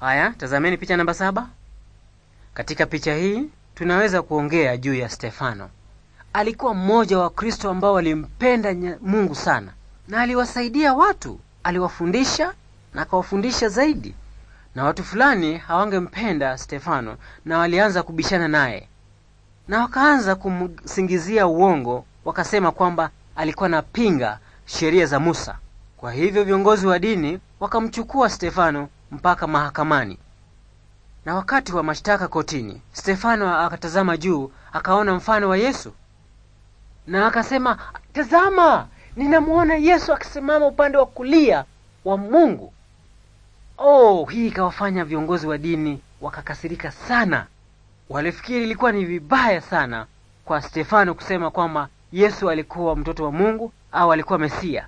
Haya, tazameni picha namba saba. Katika picha hii tunaweza kuongea juu ya Stefano. Alikuwa mmoja wa kristo ambao walimpenda Mungu sana na aliwasaidia watu, aliwafundisha na akawafundisha zaidi, na watu fulani hawangempenda Stefano na walianza kubishana naye na wakaanza kumsingizia uongo, wakasema kwamba alikuwa anapinga sheria za Musa. Kwa hivyo viongozi wa dini wakamchukua Stefano mpaka mahakamani na wakati wa mashtaka kotini, Stefano akatazama juu, akaona mfano wa Yesu na akasema, tazama, ninamwona Yesu akisimama upande wa kulia wa Mungu. Oh, hii ikawafanya viongozi wa dini wakakasirika sana. Walifikiri ilikuwa ni vibaya sana kwa Stefano kusema kwamba Yesu alikuwa mtoto wa Mungu au alikuwa Mesia,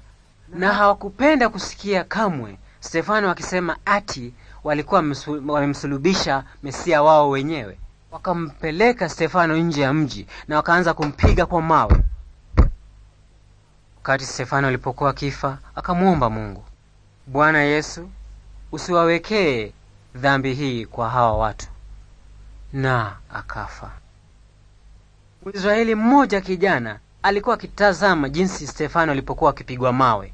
na hawakupenda kusikia kamwe Stefano akisema ati walikuwa wamemsulubisha Mesia wao wenyewe. Wakampeleka Stefano nje ya mji na wakaanza kumpiga kwa mawe. Wakati Stefano alipokuwa akifa, akamwomba Mungu, Bwana Yesu, usiwawekee dhambi hii kwa hawa watu, na akafa. Mwisraeli mmoja kijana alikuwa akitazama jinsi Stefano alipokuwa akipigwa mawe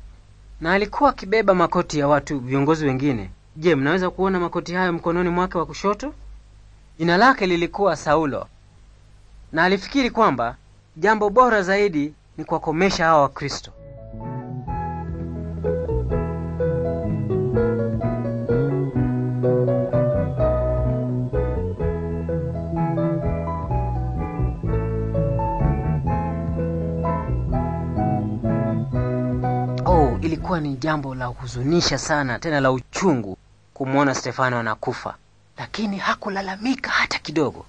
na alikuwa akibeba makoti ya watu viongozi wengine. Je, mnaweza kuona makoti hayo mkononi mwake wa kushoto? Jina lake lilikuwa Saulo, na alifikiri kwamba jambo bora zaidi ni kuwakomesha hawa Wakristo. Ilikuwa ni jambo la huzunisha sana, tena la uchungu kumwona Stefano anakufa, lakini hakulalamika hata kidogo.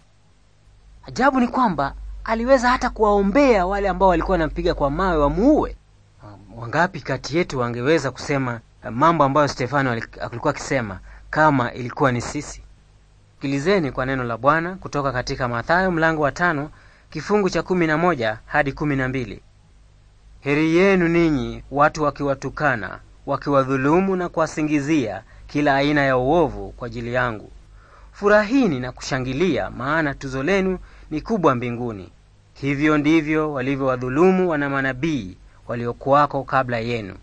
Ajabu ni kwamba aliweza hata kuwaombea wale ambao walikuwa wanampiga kwa mawe wamuue. Ah, wangapi kati yetu wangeweza kusema eh, mambo ambayo Stefano alikuwa akisema kama ilikuwa ni sisi? Sikilizeni kwa neno la Bwana kutoka katika Mathayo mlango wa tano kifungu cha kumi na moja hadi kumi na mbili. Heri yenu ninyi watu wakiwatukana, wakiwadhulumu na kuwasingizia kila aina ya uovu kwa ajili yangu. Furahini na kushangilia, maana tuzo lenu ni kubwa mbinguni. Hivyo ndivyo walivyowadhulumu wana manabii waliokuwako kabla yenu.